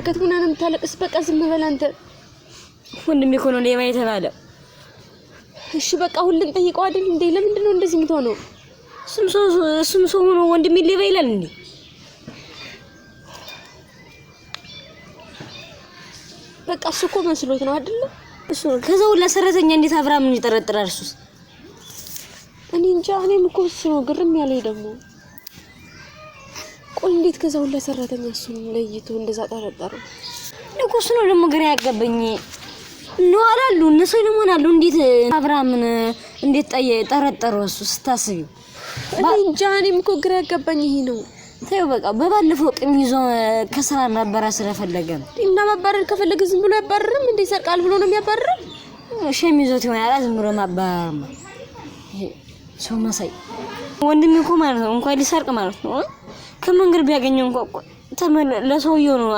በረከት ሆና ነው የምታለቅስ። በቃ ዝም በል አንተ። ወንድም እኮ ነው ሌባ ተባለ። እሺ በቃ ሁሉን ጠይቀው አይደል እንዴ? ለምንድን ነው እንደዚህ የምትሆነው? እሱም ሰው እሱም ሰው ሆኖ ወንድሜ ሌባ ይላል እንዴ? በቃ እሱ እኮ መስሎት ነው አይደል? እሱ ከዛው ሁላ እንዴት አብራ ምን ይጠረጥራል? እሱስ እኔ እንጃ። እኔም እኮ እሱ ነው ግርም ያለኝ ደግሞ ቆይ እንዴት ከዛ ሁላ ሰራተኛ እሱን ለይቶ እንደዛ ጠረጠሩ? ንጉስ ነው ደግሞ ግራ ያጋባኝ ነው አላሉ እነሱ ደግሞ አላሉ። እንዴት አብርሃምን እንዴት ጠረጠሩ? እሱ ስታስቢ እንጃ። እኔም እኮ ግራ ያጋባኝ ይሄ ነው። ተይው በቃ። በባለፈው ቅም ይዞ ከስራ ማባረር ስለፈለገ ነው። እና ማባረር ከፈለገ ዝም ብሎ ያባረርም እንዴ? ይሰርቃል ብሎ ነው የሚያባረር? ሸሚዞት ይሆናል ዝም ብሎ ማባረር ሰው መሳይ ወንድም እኮ ማለት ነው እንኳን ሊሰርቅ ማለት ነው ከመንገድ ቢያገኘው እንኳ ተመን ለሰውየው ነው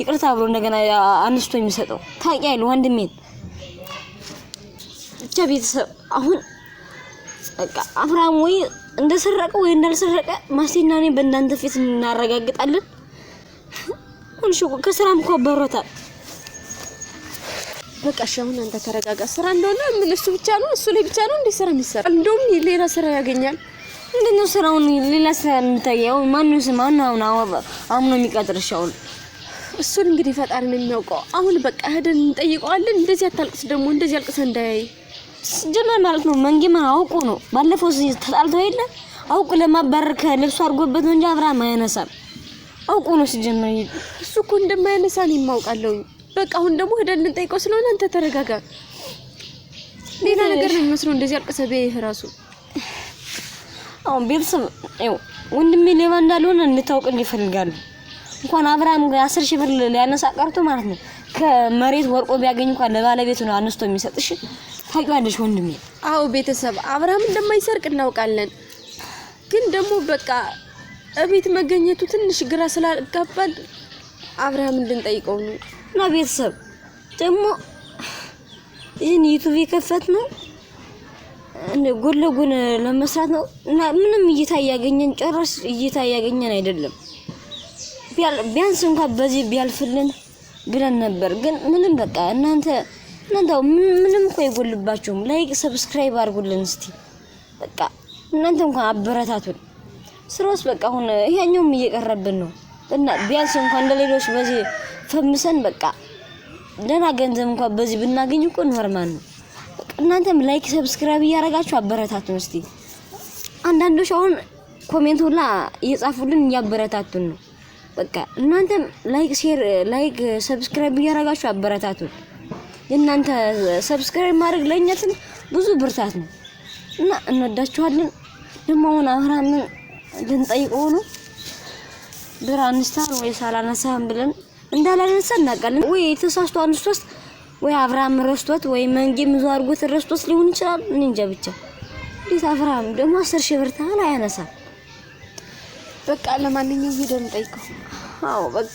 ይቅርታ ብሎ እንደገና አንስቶ የሚሰጠው ታቂ ነው ወንድሜን ብቻ ቤተሰብ አሁን በቃ አብርሃም ወይ እንደሰረቀ ወይ እንዳልሰረቀ ማስቴና እኔ በእናንተ ፊት እናረጋግጣለን። ሁን ሽቁ ከስራም እኮ አባሯታል። በቃ እሺ፣ አሁን አንተ ተረጋጋ። ስራ እንደሆነ ምን እሱ ብቻ ነው እሱ ላይ ብቻ ነው እንደ ስራ የሚሰራ እንደውም ሌላ ስራ ያገኛል። ምንድን ነው ስራውን ሌላ ስራ የምታየው? ማንስ ማን አሁን አሁን ነው የሚቀጥርሽ? አሁን እሱን እንግዲህ ፈጣሪ ነው የሚያውቀው። አሁን በቃ ሄደን እንጠይቀዋለን። እንደዚህ አታልቅስ ደግሞ እንደዚህ አልቅሰ እንዳያይ ጀመር ማለት ነው። መንጌማ አውቁ ነው ባለፈው ተጣልተው የለ አውቁ ለማባረር ከልብሱ አድርጎበት ነው እንጂ አብርሃም አያነሳም። አውቁ ነው ሲጀመር። እሱ እኮ እንደማያነሳ ነው የማውቃለሁ። በቃ አሁን ደግሞ ሄደን እንጠይቀው ስለሆነ አንተ ተረጋጋ። ሌላ ነገር ነው የሚመስለው እንደዚህ አልቅሰ በይ ራሱ አሁን ቤተሰብ ይኸው ወንድሜ ሌባ እንዳልሆነ እንድታውቅልኝ ይፈልጋሉ። እንኳን አብርሃም አስር ሺህ ብር ሊያነሳ ቀርቶ ማለት ነው ከመሬት ወርቆ ቢያገኝ እንኳን ለባለቤቱ ነው አነስቶ የሚሰጥሽ። ታውቂዋለሽ ወንድሜ። አዎ ቤተሰብ አብርሃም እንደማይሰርቅ እናውቃለን። ግን ደግሞ በቃ እቤት መገኘቱ ትንሽ ግራ ስላጋባል አብርሃም እንድንጠይቀው ነው እና ቤተሰብ ደግሞ ይህን ዩቱብ የከፈት ነው ጎን ለጎን ለመስራት ነው እና ምንም እይታ እያገኘን ጨረስ እይታ እያገኘን አይደለም። ቢያንስ እንኳን በዚህ ቢያልፍልን ብለን ነበር። ግን ምንም በቃ እናንተ እናንተ ምንም እኮ አይጎልባችሁም። ላይክ ሰብስክራይብ አድርጉልን እስቲ በቃ እናንተ እንኳን አበረታቱን። ስራውስ በቃ አሁን ይሄኛውም እየቀረብን ነው እና ቢያንስ እንኳን እንደሌሎች በዚህ ፈምሰን በቃ ደህና ገንዘብ እንኳን በዚህ ብናገኝ እኮ ኖርማል ነው። እናንተም ላይክ ሰብስክራይብ እያደረጋችሁ አበረታቱን። እስቲ አንዳንዶች አሁን ኮሜንት ሁላ እየጻፉልን እያበረታቱን ነው። በቃ እናንተም ላይክ ሼር፣ ላይክ ሰብስክራይብ እያደረጋችሁ አበረታቱን። የእናንተ ሰብስክራይብ ማድረግ ለእኛትን ብዙ ብርታት ነው እና እንወዳችኋለን። ደግሞ አሁን አብርሃምን ልንጠይቀው ነው ብር አንስታን ወይስ አላነሳህም ብለን እንዳላነሳ እናውቃለን ወይ ተሳስቶ አንስቶስ ወይ አብርሃም ረስቶት ወይ መንጌ ምዞ አድርጎት ረስቶት ሊሆን ይችላል። እኔ እንጃ ብቻ። እንዴት አብርሃም ደግሞ አስር ሺህ ብር ታህል አያነሳም። በቃ ለማንኛውም ሄደን እንጠይቀው። አዎ በቃ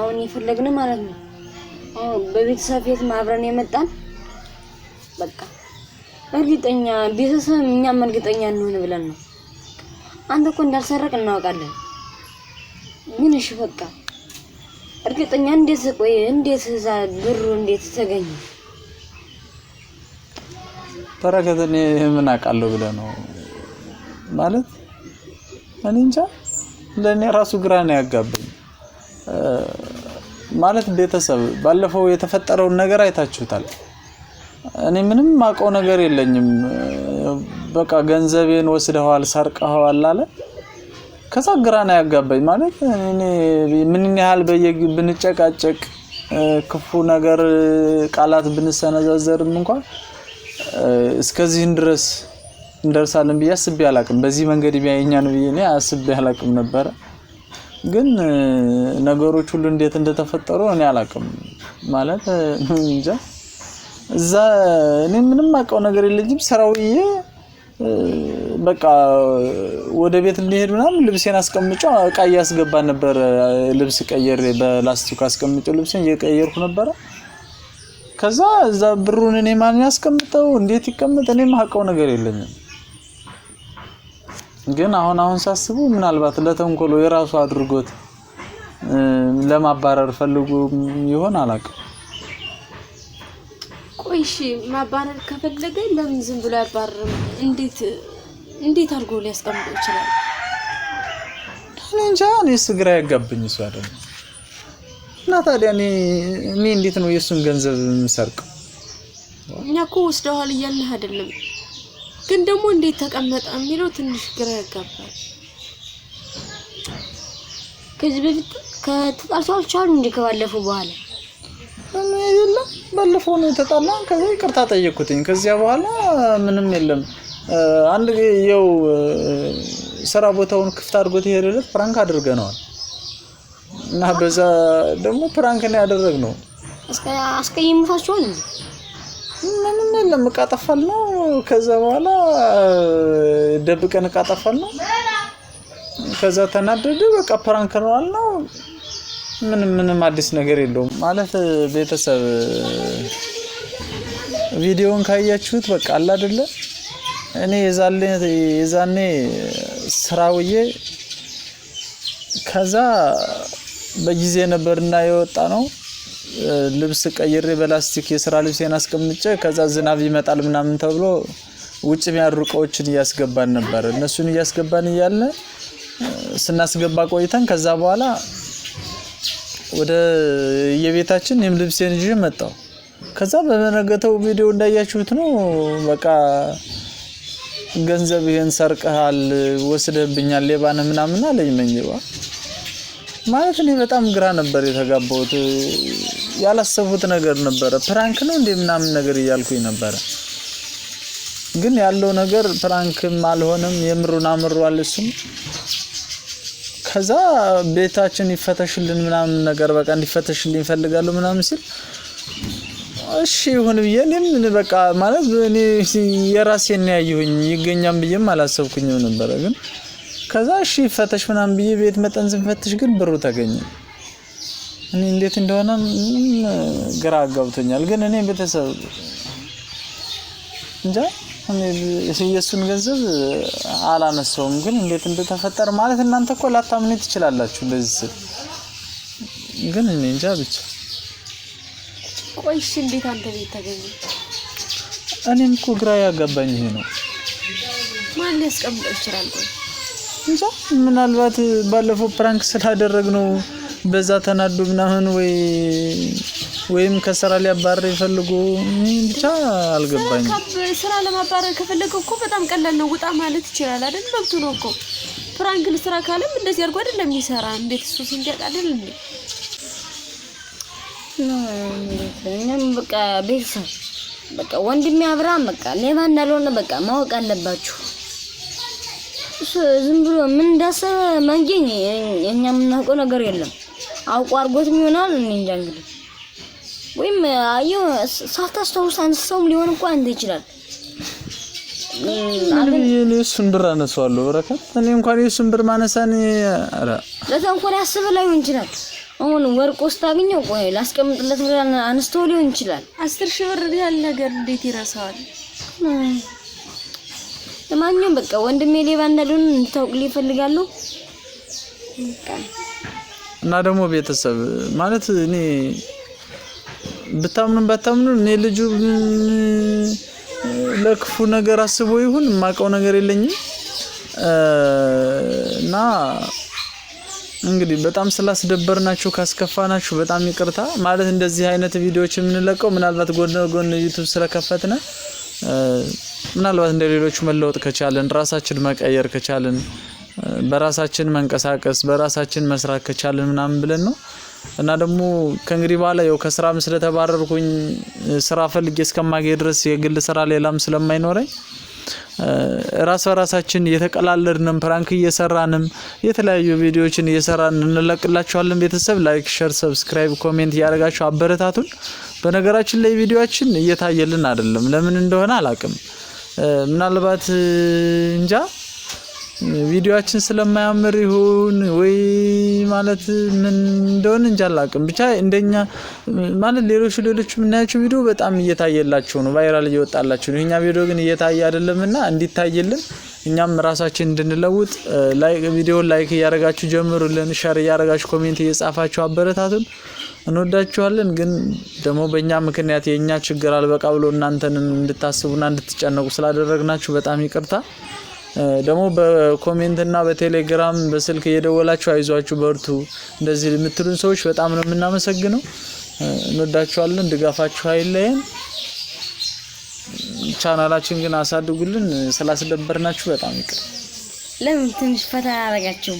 አሁን የፈለግን ማለት ነው። አሁን በቤተሰብ ፊት ማብረን የመጣን በቃ እርግጠኛ ቤተሰብ እኛም እርግጠኛ እንሆን ብለን ነው። አንተ እኮ እንዳልሰረቅ እናውቃለን፣ ግን እሺ በቃ እርግጠኛ እንዴት ቆይ፣ እንዴት እዛ ብሩ እንዴት ተገኘ? ተረከት እኔ ምን አውቃለሁ ብለህ ነው ማለት እኔ እንጃ። ለእኔ ራሱ ግራ ነው ያጋባኝ። ማለት ቤተሰብ ባለፈው የተፈጠረውን ነገር አይታችሁታል። እኔ ምንም ማውቀው ነገር የለኝም። በቃ ገንዘቤን ወስደዋል፣ ሰርቀዋል አለ። ከዛ ግራ ነው ያጋባኝ። ማለት እኔ ምን ያህል ብንጨቃጨቅ ክፉ ነገር ቃላት ብንሰነዛዘርም እንኳን እስከዚህን ድረስ እንደርሳለን ብዬ አስቤ አላቅም። በዚህ መንገድ ቢያየኛን ብዬ እኔ አስቤ አላቅም ነበረ። ግን ነገሮች ሁሉ እንዴት እንደተፈጠሩ እኔ አላውቅም። ማለት እንጃ እዛ እኔ ምንም አውቀው ነገር የለኝም። ሰራውዬ በቃ ወደ ቤት እንዲሄድ ምናምን ልብሴን አስቀምጮ እቃ እያስገባ ነበረ። ልብስ ቀየር በላስቲክ አስቀምጮ ልብሴን እየቀየርኩ ነበረ። ከዛ እዛ ብሩን እኔ ማን ያስቀምጠው እንዴት ይቀምጥ እኔ የማውቀው ነገር የለኝም። ግን አሁን አሁን ሳስቡ ምናልባት ለተንኮሎ የራሱ አድርጎት ለማባረር ፈልጎ ይሆን አላውቅም። ቆይ እሺ ማባረር ከፈለገ ለምን ዝም ብሎ ያባረርም? እንዴት እንዴት አድርጎ ሊያስቀምጥ ይችላል? እንጃ እኔስ ግራ ያጋብኝ እሷ ደግሞ እና ታዲያ እኔ እንዴት ነው የእሱን ገንዘብ የምሰርቀው? እኛ እኮ ወስደዋል እያልንህ አይደለም ግን ደግሞ እንዴት ተቀመጠ የሚለው ትንሽ ግራ ያጋባል። ከዚህ በፊት ከተጣሉ ሰዎች እንዴ? ከባለፈው በኋላ የለም። ባለፈው ነው የተጣላ። ከዛ ይቅርታ ጠየቅኩትኝ። ከዚያ በኋላ ምንም የለም። አንድ የው ስራ ቦታውን ክፍት አድርጎት የሄደለት ፕራንክ አድርገነዋል እና በዛ ደግሞ ፕራንክ ነው ያደረግነው። አስቀይምታችኋል እንዴ? ምንም የለም። እቃ ጠፋል ነው። ከዛ በኋላ ደብቀን እቃ ጠፋል ነው። ከዛ ተናደደ። በቃ ፕራንክ ነው ምንም ምንም አዲስ ነገር የለውም ማለት ቤተሰብ ቪዲዮን ካያችሁት በቃ አለ አይደለ እኔ የዛኔ ስራ ውዬ ከዛ በጊዜ ነበርና የወጣ ነው ልብስ ቀይሬ በላስቲክ የስራ ልብሴን አስቀምጬ ከዛ ዝናብ ይመጣል ምናምን ተብሎ ውጭ የሚያሩ እቃዎችን እያስገባን ነበር። እነሱን እያስገባን እያለ ስናስገባ ቆይተን ከዛ በኋላ ወደ የቤታችን ይህም ልብሴን ይዤ መጣሁ። ከዛ በመነገተው ቪዲዮ እንዳያችሁት ነው በቃ ገንዘብ ይህን ሰርቀሃል፣ ወስደብኛል፣ ሌባነ ምናምን አለኝ መኝባ ማለት እኔ በጣም ግራ ነበር የተጋባሁት። ያላሰቡት ነገር ነበረ። ፕራንክ ነው እንዴ ምናምን ነገር እያልኩኝ ነበረ። ግን ያለው ነገር ፕራንክም አልሆነም። የምሩን አምሯል እሱም። ከዛ ቤታችን ይፈተሽልን ምናምን ነገር በቃ እንዲፈተሽልን ይፈልጋሉ ምናምን ሲል እሺ ይሁን ብዬ እኔም በቃ ማለት እኔ የራሴን ያየሁኝ ይገኛም ብዬም አላሰብኩኝም ነበረ ግን ከዛ እሺ ፈተሽ ምናምን ብዬ ቤት መጠን ስንፈትሽ ግን ብሩ ተገኘ። እኔ እንዴት እንደሆነ ግራ አጋብቶኛል። ግን እኔ ቤተሰብ እንጃ የእሱን ገንዘብ አላነሳውም። ግን እንዴት እንደተፈጠረ ማለት እናንተ እኮ ላታምኑ ትችላላችሁ። በዚህ ስል ግን እኔ እንጃ ብቻ። ቆይሽ እንዴት አንተ ቤት ተገኘ? እኔም እኮ ግራ ያጋባኝ ይሄ ነው። ማን ሊያስቀምጠው ይችላል? ቆይ እንጃ ምናልባት ባለፈው ፕራንክ ስላደረግ ነው በዛ ተናዱ ምናምን ወይ ወይም ከስራ ሊያባረ ይፈልጉ ብቻ አልገባኝ። ስራ ለማባረር ከፈለገ እኮ በጣም ቀላል ነው፣ ውጣ ማለት ይችላል አይደል? መብቱ ነው እኮ ፕራንክን ስራ ካለም እንደዚህ አድርጎ አይደለም የሚሰራ? እንዴት እሱ ሲንዲያቅ አይደል እንዴ? እኛም በቃ ቤተሰብ በቃ ወንድሜ አብርሃም በቃ ሌባ እንዳልሆነ በቃ ማወቅ አለባችሁ። ዝም ብሎ ምን እንዳሰበ መንጌኝ እኛ የምናውቀው ነገር የለም። አውቆ አድርጎትም ይሆናል እኔ እንጃ። እንግዲህ ወይም አየው ሳታስታውስ አንስተውም ሊሆን እንኳን እንደ ይችላል። እኔ እሱን ብር አነሳዋለሁ በረከት። እኔ እንኳን የእሱን ብር ማነሳን ኧረ ለተንኮል ያስበ ላይሆን ይችላል። አሁን ወርቅ ውስጥ አገኘው። ቆይ ላስቀምጥለት ብር አንስተው ሊሆን ይችላል። አስር ሺህ ብር ያለ ነገር እንዴት ይረሳዋል? ለማንኛውም በቃ ወንድሜ ሌባ እንዳልሆነ እንታውቅ እፈልጋለሁ። እና ደግሞ ቤተሰብ ማለት እኔ ብታምኑም ባታምኑም እኔ ልጁ ለክፉ ነገር አስቦ ይሁን የማውቀው ነገር የለኝም። እና እንግዲህ በጣም ስላስደበርናችሁ ካስከፋናችሁ በጣም ይቅርታ። ማለት እንደዚህ አይነት ቪዲዮዎች የምንለቀው ምናልባት ጎን ጎን ዩቱብ ስለከፈትነ ምናልባት እንደ ሌሎች መለወጥ ከቻለን ራሳችን መቀየር ከቻለን በራሳችን መንቀሳቀስ በራሳችን መስራት ከቻለን ምናምን ብለን ነው እና ደግሞ ከእንግዲህ በኋላ ያው ከስራም ስለተባረርኩኝ ስራ ፈልጌ እስከማገኝ ድረስ የግል ስራ ሌላም ስለማይኖረኝ ራስ በራሳችን እየተቀላለድንም ፕራንክ እየሰራንም የተለያዩ ቪዲዮዎችን እየሰራን እንለቅላችኋለን። ቤተሰብ ላይክ፣ ሸር፣ ሰብስክራይብ፣ ኮሜንት እያደረጋችሁ አበረታቱን። በነገራችን ላይ ቪዲዮችን እየታየልን አይደለም፣ ለምን እንደሆነ አላቅም። ምናልባት እንጃ ቪዲዮችን ስለማያምር ይሁን ወይ ማለት ምን እንደሆነ እንጃ አላውቅም። ብቻ እንደኛ ማለት ሌሎቹ ሌሎች የምናያቸው ቪዲዮ በጣም እየታየላቸው ነው፣ ቫይራል እየወጣላቸው ነው። የኛ ቪዲዮ ግን እየታየ አይደለም እና እንዲታየልን እኛም ራሳችን እንድንለውጥ ላይክ ቪዲዮን ላይክ እያደረጋችሁ ጀምሩልን፣ ሸር እያደረጋችሁ ኮሜንት እየጻፋችሁ አበረታቱን። እንወዳችኋለን። ግን ደግሞ በእኛ ምክንያት የእኛ ችግር አልበቃ ብሎ እናንተን እንድታስቡና እንድትጨነቁ ስላደረግናችሁ በጣም ይቅርታ። ደግሞ በኮሜንትና በቴሌግራም በስልክ እየደወላችሁ አይዟችሁ በርቱ እንደዚህ የምትሉን ሰዎች በጣም ነው የምናመሰግነው። እንወዳችኋለን። ድጋፋችሁ አይለየን። ቻናላችን ግን አሳድጉልን። ስላስደበርናችሁ በጣም ይቅር። ለምን ትንሽ ፈተና አረጋችሁ?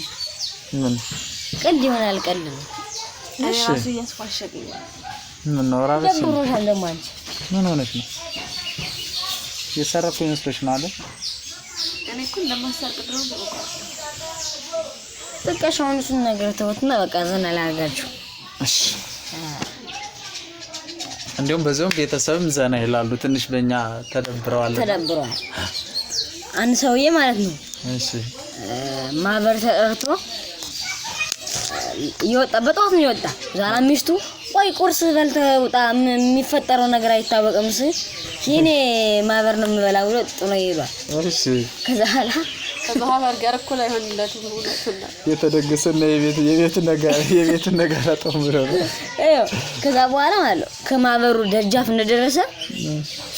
ምን ቀልድ ይሆናል። ቀልድ ነው። እራሱ እያስፋሸገኝ ነው። ደብሮሻል። ደግሞ አንቺ ምን ሆነሽ ነው? የሰረኩ ይመስሎሽ ነው አለ። እኔ እኮ እንደማሰርቅ ድረው ጥቀሽ። አሁን እሱን ነገር ተውትና በቃ ዘና ላድርጋችሁ። እሺ እንዲሁም በዚሁም ቤተሰብም ዘና ይላሉ። ትንሽ በእኛ ተደብረዋል ተደብረዋል። አንድ ሰውዬ ማለት ነው። እሺ ማህበር ተጠርቶ ይወጣ በጠዋት ነው ይወጣ። ዛራ ሚስቱ ወይ ቁርስ በልተህ ውጣ፣ የሚፈጠረው ነገር አይታወቅም፣ ስ የኔ ማህበር ነው የምበላ ብሎ ጥሎ ይሄዷል። እሺ ከዛ ኋላ ከማህበር ጋር እኮ የተደገሰ የተደገሰና የቤት የቤት ነገር የቤት አጠም ብሎ ነው። ከዛ በኋላ ማለት ነው ከማህበሩ ደጃፍ እንደደረሰ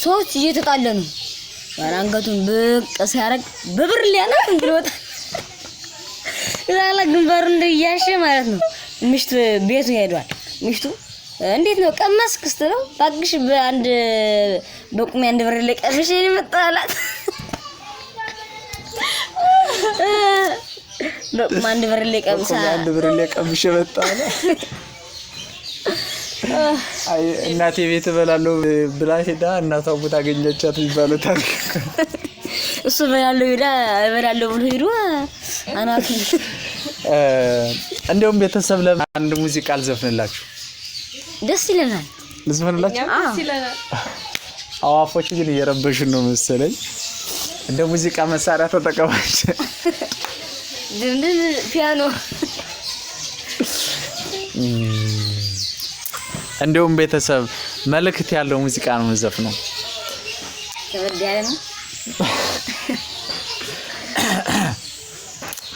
ሶስት እየተጣለ ባራንገቱን አንገቱን ብቅ ሲያደርግ በብር ሊያናት እንግዲህ ላላ ግንባሩ እንደያሸ ማለት ነው። ምሽቱ ቤቱ ሄዷል። ምሽቱ እንዴት ነው ቀመስ ክስት ነው ባግሽ በአንድ በቁሜ አንድ ብር ለቀምሽ ይመጣላት በቁሜ አንድ ብር ለቀምሳ አንድ ብር ለቀምሽ ይመጣላት አይ እናቴ ቤት እበላለሁ ብላ ሄዳ እናቷ ቦታ አገኘቻት የሚባለው ታሪክ እሱ እበላለሁ ሄዳ እበላለሁ ብሎ ሄዱ አናቱ እንደውም ቤተሰብ ለምን አንድ ሙዚቃ አልዘፍንላችሁ? ደስ ይለናል። ልዘፍንላችሁ? አዋፎች ግን እየረበሹን ነው መሰለኝ። እንደ ሙዚቃ መሳሪያ ተጠቀማች። ፒያኖ እንደውም ቤተሰብ መልእክት ያለው ሙዚቃ ነው መዘፍ ነው።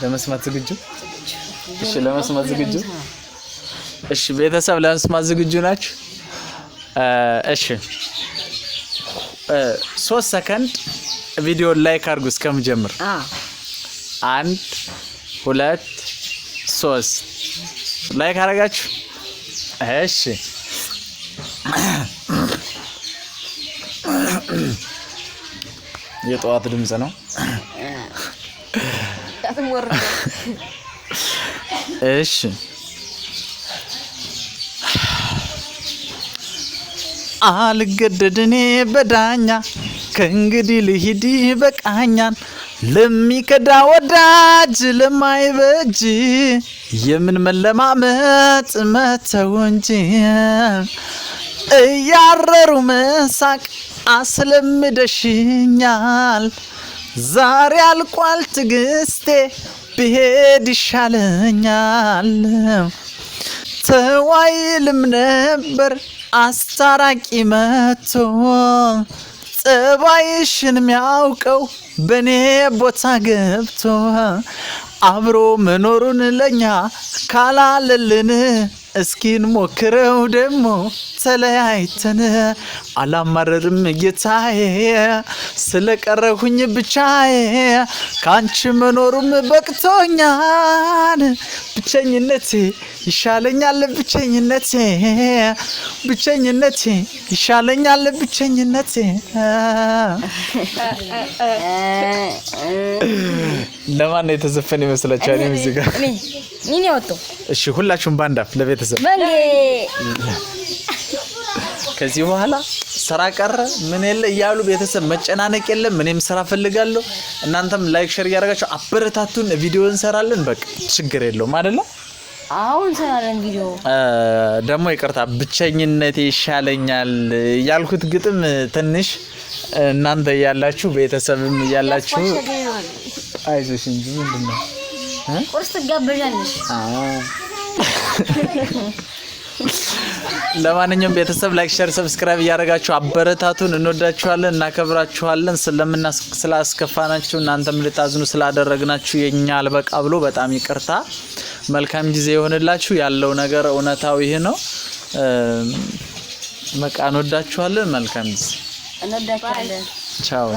ለመስማት ዝግጁ እሺ፣ ለመስማት ዝግጁ? እሺ፣ ቤተሰብ ለመስማት ዝግጁ ናችሁ? እሺ፣ ሶስት ሰከንድ ቪዲዮን ላይክ አድርጉ እስከምጀምር። አንድ ሁለት ሶስት ላይክ አደረጋችሁ? እሺ የጠዋት ድምፅ ነው። እሺ አልገደድ እኔ በዳኛ ከእንግዲህ ልሂድ በቃኛን ለሚከዳ ወዳጅ ለማይበጅ የምን መለማመጥ መተው እንጂ እያረሩ መሳቅ አስለምደሽኛል ዛሬ አልቋል ትግስቴ ብሄድ ይሻለኛል። ተዋይልም ነበር አስታራቂ መቶ ጸባይሽን የሚያውቀው በእኔ ቦታ ገብቶ አብሮ መኖሩን ለኛ ካላለልን እስኪን ሞክረው ደግሞ ተለያይተን አላማረርም ጌታዬ ስለቀረሁኝ ብቻዬ ከአንቺ መኖሩም በቅቶኛል። ብቸኝነቴ ይሻለኛል ብቸኝነቴ ብቸኝነቴ ይሻለኛል ብቸኝነቴ ለማን ነው የተዘፈን ይመስላችኋል? እኔ እሺ፣ ሁላችሁም ባንዳፍ ለቤተሰብ ቤተሰብ ከዚህ በኋላ ስራ ቀረ ምን የለ እያሉ ቤተሰብ መጨናነቅ የለም። እኔም ስራ ፈልጋለሁ። እናንተም ላይክ ሸር እያደረጋችሁ አበረታቱን። ቪዲዮ እንሰራለን። በቃ ችግር የለውም አይደለ? አዎ እንሰራለን። ቪዲዮ ደግሞ ይቅርታ ብቸኝነት ይሻለኛል ያልኩት ግጥም ትንሽ እናንተ እያላችሁ ቤተሰብም እያላችሁ አይዞሽ እንጂ ምንድን ነው ቁርስ ትጋበዣለሽ ለማንኛውም ቤተሰብ ላይክ፣ ሸር፣ ሰብስክራይብ እያደረጋችሁ አበረታቱን። እንወዳችኋለን፣ እናከብራችኋለን። ስለምና ስላስከፋናችሁ እናንተም ልታዝኑ ስላደረግናችሁ የኛ አልበቃ ብሎ በጣም ይቅርታ። መልካም ጊዜ የሆንላችሁ። ያለው ነገር እውነታው ይህ ነው። በቃ እንወዳችኋለን። መልካም ጊዜ። ቻው